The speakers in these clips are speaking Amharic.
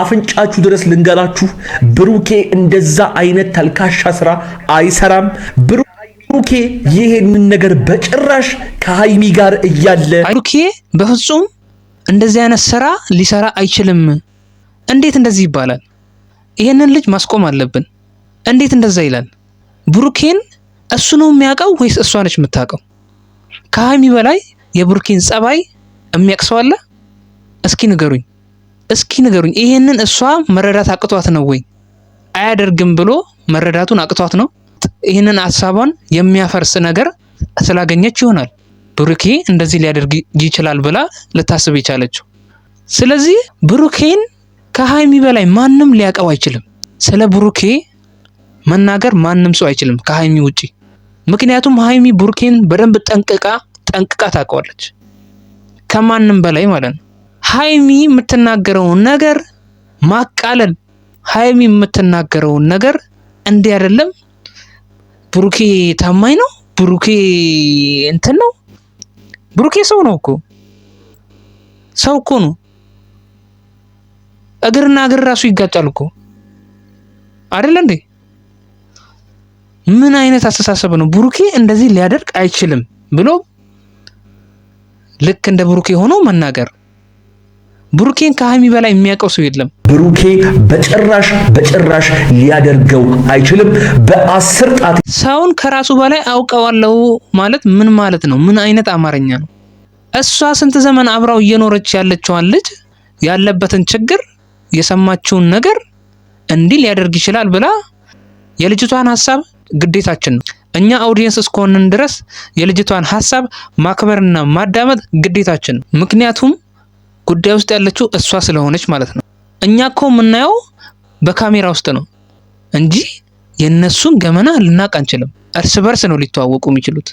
አፍንጫችሁ ድረስ ልንገራችሁ፣ ብሩኬ እንደዛ አይነት ተልካሻ ስራ አይሰራም። ብሩኬ ይሄንን ነገር በጭራሽ ከሀይሚ ጋር እያለ ብሩኬ በፍጹም እንደዚህ አይነት ስራ ሊሰራ አይችልም። እንዴት እንደዚህ ይባላል? ይሄንን ልጅ ማስቆም አለብን። እንዴት እንደዛ ይላል? ብሩኬን እሱ ነው የሚያውቀው ወይስ እሷ ነች የምታውቀው? ከሀይሚ በላይ የብሩኬን ጸባይ የሚያቅሰው አለ? እስኪ ንገሩኝ። እስኪ ንገሩኝ፣ ይሄንን እሷ መረዳት አቅቷት ነው ወይ አያደርግም ብሎ መረዳቱን አቅቷት ነው ይህንን ሀሳቧን የሚያፈርስ ነገር ስላገኘች ይሆናል ብሩኬ እንደዚህ ሊያደርግ ይችላል ብላ ልታስብ የቻለችው። ስለዚህ ብሩኬን ከሀይሚ በላይ ማንም ሊያውቀው አይችልም። ስለ ብሩኬ መናገር ማንም ሰው አይችልም ከሀይሚ ውጪ። ምክንያቱም ሀይሚ ብሩኬን በደንብ ጠንቅቃ ጠንቅቃ ታውቀዋለች ከማንም በላይ ማለት ነው። ሀይሚ የምትናገረውን ነገር ማቃለል፣ ሀይሚ የምትናገረውን ነገር እንዲህ አይደለም፣ ብሩኬ ታማኝ ነው፣ ብሩኬ እንትን ነው፣ ብሩኬ ሰው ነው እኮ ሰው እኮ ነው። እግርና እግር ራሱ ይጋጫል እኮ አይደለ እንዴ? ምን አይነት አስተሳሰብ ነው? ብሩኬ እንደዚህ ሊያደርግ አይችልም ብሎ ልክ እንደ ብሩኬ ሆኖ መናገር ብሩኬን ከሀሚ በላይ የሚያውቀው ሰው የለም። ብሩኬ በጭራሽ በጭራሽ ሊያደርገው አይችልም። በአስር ጣት ሰውን ከራሱ በላይ አውቀዋለሁ ማለት ምን ማለት ነው? ምን አይነት አማርኛ ነው? እሷ ስንት ዘመን አብራው እየኖረች ያለችዋን ልጅ ያለበትን ችግር የሰማችውን ነገር እንዲህ ሊያደርግ ይችላል ብላ የልጅቷን ሀሳብ ግዴታችን ነው። እኛ አውዲየንስ እስከሆንን ድረስ የልጅቷን ሀሳብ ማክበርና ማዳመጥ ግዴታችን ነው። ምክንያቱም ጉዳይ ውስጥ ያለችው እሷ ስለሆነች ማለት ነው። እኛ እኮ የምናየው በካሜራ ውስጥ ነው እንጂ የእነሱን ገመና ልናቅ አንችልም። እርስ በርስ ነው ሊተዋወቁ የሚችሉት።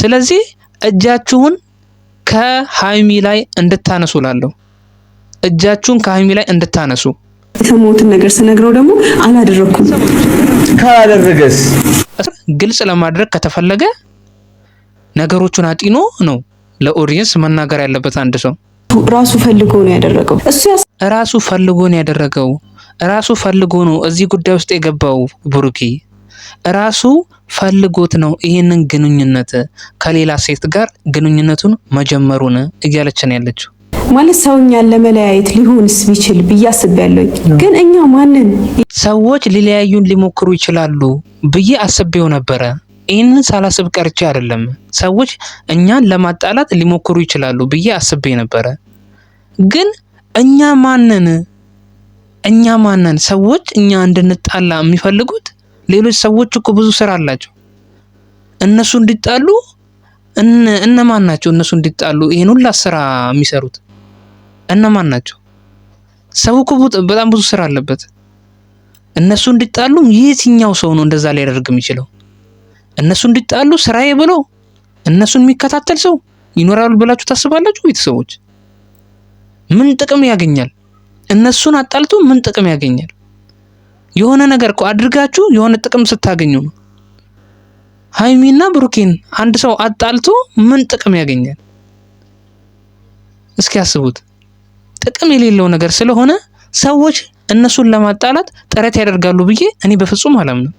ስለዚህ እጃችሁን ከሀይሚ ላይ እንድታነሱ ላለሁ እጃችሁን ከሀይሚ ላይ እንድታነሱ የሰማሁትን ነገር ስነግረው ደግሞ አላደረግኩም። ካላደረገስ ግልጽ ለማድረግ ከተፈለገ ነገሮቹን አጢኖ ነው ለኦዲየንስ መናገር ያለበት አንድ ሰው ራሱ ፈልጎ ነው ያደረገው። እሱ ራሱ ፈልጎ ነው ያደረገው። ራሱ ፈልጎ ነው እዚህ ጉዳይ ውስጥ የገባው ብሩኪ ራሱ ፈልጎት ነው ይህንን ግንኙነት ከሌላ ሴት ጋር ግንኙነቱን መጀመሩን እያለችን ያለችው ማለት ሰውኛን ለመለያየት ሊሆንስ ቢችል ብዬ አስቤያለሁኝ። ግን እኛ ማንን ሰዎች ሊለያዩን ሊሞክሩ ይችላሉ ብዬ አስቤው ነበረ። ይህንን ሳላስብ ቀርቼ አይደለም። ሰዎች እኛን ለማጣላት ሊሞክሩ ይችላሉ ብዬ አስቤ ነበረ። ግን እኛ ማነን? እኛ ማነን? ሰዎች እኛ እንድንጣላ የሚፈልጉት ሌሎች ሰዎች እኮ ብዙ ስራ አላቸው። እነሱ እንዲጣሉ እነማን ናቸው? እነሱ እንዲጣሉ ይሄን ሁላ ስራ የሚሰሩት እነማን ናቸው? ሰው እኮ በጣም ብዙ ስራ አለበት። እነሱ እንዲጣሉ የትኛው ሰው ነው እንደዛ ሊያደርግ የሚችለው? እነሱ እንዲጣሉ ስራዬ ብሎ እነሱን የሚከታተል ሰው ይኖራል ብላችሁ ታስባላችሁ ቤተሰቦች? ምን ጥቅም ያገኛል? እነሱን አጣልቶ ምን ጥቅም ያገኛል? የሆነ ነገር እኮ አድርጋችሁ የሆነ ጥቅም ስታገኙ ነው። ሀይሚና ብሩኬን አንድ ሰው አጣልቶ ምን ጥቅም ያገኛል? እስኪ አስቡት። ጥቅም የሌለው ነገር ስለሆነ ሰዎች እነሱን ለማጣላት ጥረት ያደርጋሉ ብዬ እኔ በፍጹም አላምንም።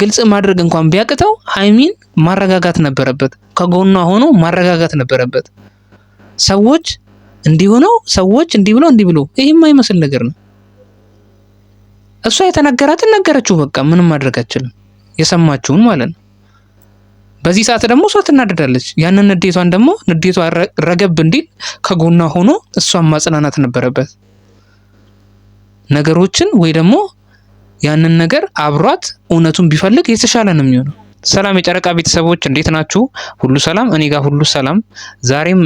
ግልጽ ማድረግ እንኳን ቢያቅተው ሀይሚን ማረጋጋት ነበረበት፣ ከጎኗ ሆኖ ማረጋጋት ነበረበት። ሰዎች እንዲህ ሆነው ሰዎች እንዲህ ብሎ እንዲህ ብሎ ይህ የማይመስል ነገር ነው። እሷ የተነገራትን ነገረችው። በቃ ምንም ማድረግ አትችልም። የሰማችውን ማለት ነው። በዚህ ሰዓት ደግሞ እሷ ትናደዳለች። ያንን ንዴቷን ደግሞ ንዴቷ ረገብ እንዲል ከጎኗ ሆኖ እሷን ማጽናናት ነበረበት። ነገሮችን ወይ ደግሞ ያንን ነገር አብሯት እውነቱን ቢፈልግ የተሻለ ነው የሚሆነው። ሰላም የጨረቃ ቤተሰቦች እንዴት ናችሁ? ሁሉ ሰላም፣ እኔ ጋር ሁሉ ሰላም። ዛሬም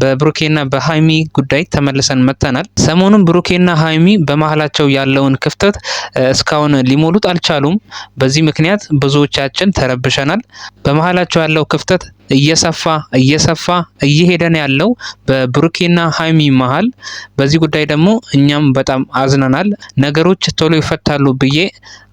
በብሩኬና በሀይሚ ጉዳይ ተመልሰን መጥተናል። ሰሞኑን ብሩኬና ሀይሚ በመሀላቸው ያለውን ክፍተት እስካሁን ሊሞሉት አልቻሉም። በዚህ ምክንያት ብዙዎቻችን ተረብሸናል። በመሀላቸው ያለው ክፍተት እየሰፋ እየሰፋ እየሄደን ያለው በብሩኬና ሀይሚ መሀል። በዚህ ጉዳይ ደግሞ እኛም በጣም አዝነናል። ነገሮች ቶሎ ይፈታሉ ብዬ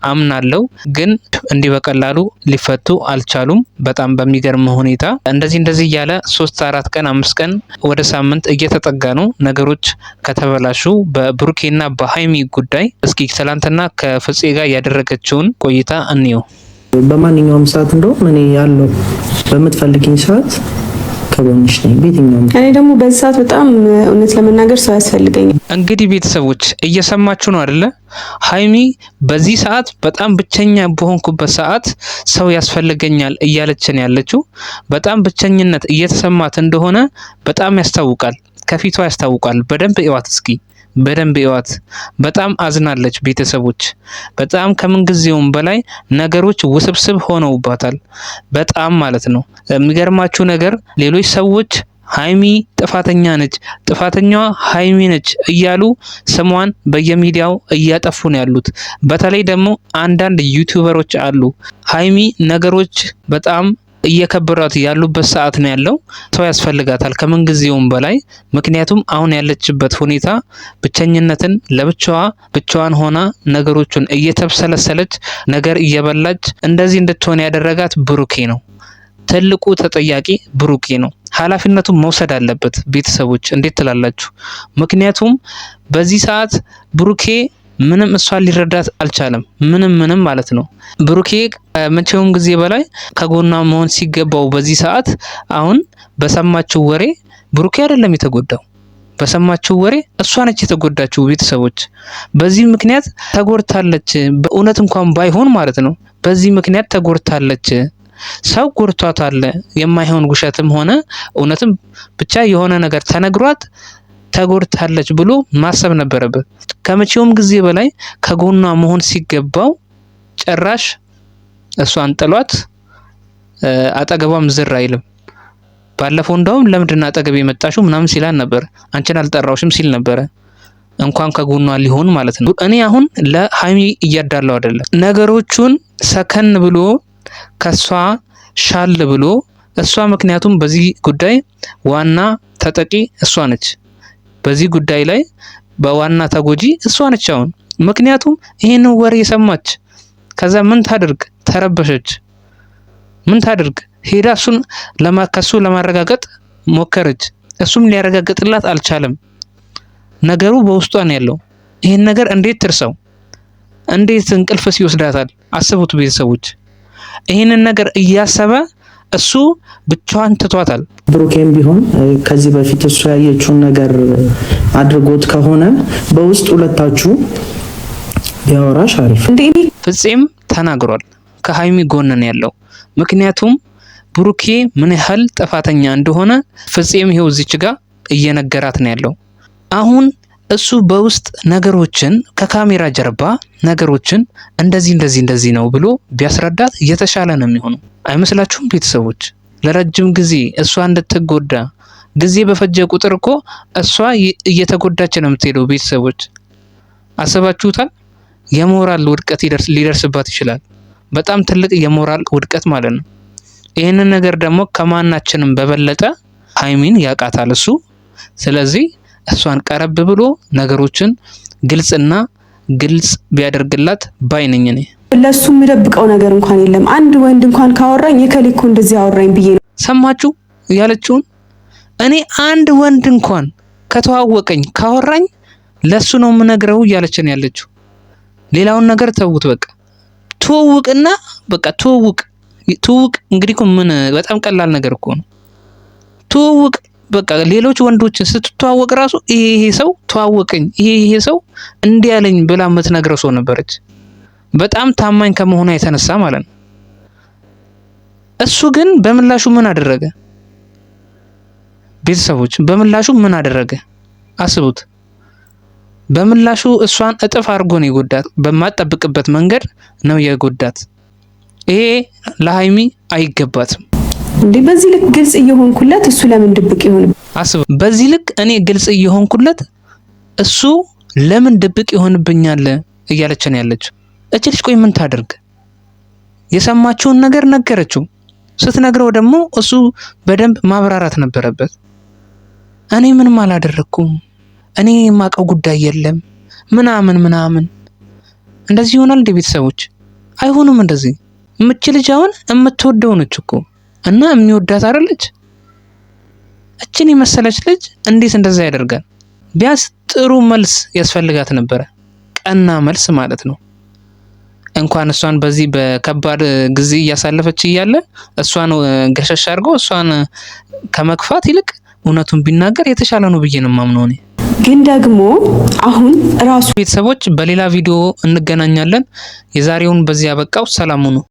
አምናለው፣ ግን እንዲህ በቀላሉ ሊፈቱ አልቻሉም። በጣም በሚገርም ሁኔታ እንደዚህ እንደዚህ እያለ ሶስት አራት ቀን አምስት ቀን ወደ ሳምንት እየተጠጋ ነው ነገሮች ከተበላሹ በብሩኬና በሀይሚ ጉዳይ። እስኪ ትላንትና ከፍፄ ጋር ያደረገችውን ቆይታ እንየው። በማንኛውም ሰዓት እንደውም እኔ ያለው በምትፈልግኝ ሰዓት እኔ ደግሞ በዚህ ሰዓት በጣም እውነት ለመናገር ሰው ያስፈልገኝ። እንግዲህ ቤተሰቦች እየሰማችሁ ነው አይደለ? ሀይሚ በዚህ ሰዓት በጣም ብቸኛ በሆንኩበት ሰዓት ሰው ያስፈልገኛል እያለችን ያለችው በጣም ብቸኝነት እየተሰማት እንደሆነ በጣም ያስታውቃል፣ ከፊቷ ያስታውቃል። በደንብ እዋት እስኪ በደንብ እዋት። በጣም አዝናለች። ቤተሰቦች በጣም ከምንጊዜውም በላይ ነገሮች ውስብስብ ሆነውባታል። በጣም ማለት ነው። የሚገርማችሁ ነገር ሌሎች ሰዎች ሀይሚ ጥፋተኛ ነች፣ ጥፋተኛዋ ሀይሚ ነች እያሉ ስሟን በየሚዲያው እያጠፉ ነው ያሉት። በተለይ ደግሞ አንዳንድ ዩቱበሮች አሉ ሀይሚ ነገሮች በጣም እየከበሯት ያሉበት ሰዓት ነው ያለው። ሰው ያስፈልጋታል ከምንጊዜውም በላይ ምክንያቱም አሁን ያለችበት ሁኔታ ብቸኝነትን ለብቻዋ ብቻዋን ሆና ነገሮቹን እየተብሰለሰለች ነገር እየበላች እንደዚህ እንድትሆን ያደረጋት ብሩኬ ነው። ትልቁ ተጠያቂ ብሩኬ ነው። ኃላፊነቱን መውሰድ አለበት። ቤተሰቦች እንዴት ትላላችሁ? ምክንያቱም በዚህ ሰዓት ብሩኬ ምንም እሷን ሊረዳት አልቻለም። ምንም ምንም ማለት ነው። ብሩኬ መቼውም ጊዜ በላይ ከጎኗ መሆን ሲገባው በዚህ ሰዓት አሁን በሰማችው ወሬ ብሩኬ አይደለም የተጎዳው በሰማችሁ ወሬ እሷ ነች የተጎዳችሁ። ቤተሰቦች በዚህ ምክንያት ተጎድታለች። በእውነት እንኳን ባይሆን ማለት ነው። በዚህ ምክንያት ተጎድታለች። ሰው አለ የማይሆን ውሸትም ሆነ እውነትም ብቻ የሆነ ነገር ተነግሯት ተጎድታለች ብሎ ማሰብ ነበረበት። ከመቼውም ጊዜ በላይ ከጎኗ መሆን ሲገባው ጭራሽ እሷን ጥሏት አጠገቧም ዝር አይልም። ባለፈው እንደውም ለምንድን አጠገብ የመጣሽው ምናምን ሲላን ነበር። አንቺን አልጠራውሽም ሲል ነበረ። እንኳን ከጎኗ ሊሆን ማለት ነው። እኔ አሁን ለሀይሚ እያዳለው አይደለም። ነገሮቹን ሰከን ብሎ ከሷ ሻል ብሎ እሷ ምክንያቱም በዚህ ጉዳይ ዋና ተጠቂ እሷ ነች። በዚህ ጉዳይ ላይ በዋና ተጎጂ እሷ ነች አሁን። ምክንያቱም ይህንን ወሬ የሰማች ከዛ ምን ታድርግ ተረበሸች። ምን ታድርግ ሄዳ እሱን ከሱ ለማረጋገጥ ሞከረች። እሱም ሊያረጋግጥላት አልቻለም። ነገሩ በውስጧ ነው ያለው። ይህን ነገር እንዴት ትርሰው? እንዴት እንቅልፍስ ይወስዳታል? አስቡት ቤተሰቦች፣ ይህንን ነገር እያሰበ እሱ ብቻዋን ትቷታል። ብሩኬም ቢሆን ከዚህ በፊት እሱ ያየችውን ነገር አድርጎት ከሆነ በውስጥ ሁለታችሁ ቢያወራሽ አሪፍ። እንዴ ተናግሯል። ከሀይሚ ጎንን ያለው ምክንያቱም ብሩኬ ምን ያህል ጥፋተኛ እንደሆነ ፍፄም ይሄው እዚች ጋር እየነገራት ነው ያለው አሁን እሱ በውስጥ ነገሮችን ከካሜራ ጀርባ ነገሮችን እንደዚህ እንደዚህ እንደዚህ ነው ብሎ ቢያስረዳት የተሻለ ነው የሚሆነው። አይመስላችሁም? ቤተሰቦች ለረጅም ጊዜ እሷ እንድትጎዳ ጊዜ በፈጀ ቁጥር እኮ እሷ እየተጎዳች ነው የምትሄደው። ቤተሰቦች አስባችሁታል? የሞራል ውድቀት ሊደርስባት ይችላል። በጣም ትልቅ የሞራል ውድቀት ማለት ነው። ይህንን ነገር ደግሞ ከማናችንም በበለጠ ሀይሚን ያውቃታል እሱ። ስለዚህ እሷን ቀረብ ብሎ ነገሮችን ግልጽና ግልጽ ቢያደርግላት ባይነኝ እኔ ለሱ የሚደብቀው ነገር እንኳን የለም። አንድ ወንድ እንኳን ካወራኝ የከሌኮ እንደዚህ አወራኝ ብዬ ነው። ሰማችሁ ያለችውን። እኔ አንድ ወንድ እንኳን ከተዋወቀኝ ካወራኝ ለሱ ነው የምነግረው እያለች ነው ያለችው። ሌላውን ነገር ተውት በቃ ትውውቅና በቃ ትውውቅ ትውውቅ እንግዲህ እኮ ምን በጣም ቀላል ነገር እኮ ነው ትውውቅ በቃ ሌሎች ወንዶችን ስትተዋወቅ ራሱ ይሄ ሰው ተዋወቀኝ፣ ይሄ ሰው ሰው ያለኝ ብላ የምትነግረው ሰው ነበረች። በጣም ታማኝ ከመሆኗ የተነሳ ማለት ነው። እሱ ግን በምላሹ ምን አደረገ? ቤተሰቦች በምላሹ ምን አደረገ? አስቡት። በምላሹ እሷን እጥፍ አድርጎ ነው የጎዳት። በማጠብቅበት መንገድ ነው የጎዳት። ይሄ ለሀይሚ አይገባትም። እንዴ በዚህ ልክ ግልጽ እየሆንኩለት እሱ ለምን ድብቅ ይሆን? አስብ። በዚህ ልክ እኔ ግልጽ እየሆንኩለት እሱ ለምን ድብቅ ይሆንብኛል እያለች ነው ያለችው። እች ልጅ ቆይ ምን ታደርግ? የሰማችውን ነገር ነገረችው። ስትነግረው ደግሞ እሱ በደንብ ማብራራት ነበረበት። እኔ ምንም አላደረኩም፣ እኔ የማውቀው ጉዳይ የለም ምናምን ምናምን። እንደዚህ ይሆናል እንዴ ቤተሰቦች አይሆኑም። እንደዚህ ምች ልጅ አሁን የምትወደው ነች እኮ እና የሚወዳት አይደለች። እችን የመሰለች ልጅ እንዴት እንደዛ ያደርጋል? ቢያንስ ጥሩ መልስ ያስፈልጋት ነበረ። ቀና መልስ ማለት ነው። እንኳን እሷን በዚህ በከባድ ጊዜ እያሳለፈች እያለ እሷን ገሸሽ አድርገው እሷን ከመክፋት ይልቅ እውነቱን ቢናገር የተሻለ ነው ብዬ ነው የማምነው እኔ። ግን ደግሞ አሁን ራሱ ቤተሰቦች፣ በሌላ ቪዲዮ እንገናኛለን። የዛሬውን በዚህ ያበቃው። ሰላም ሁኑ።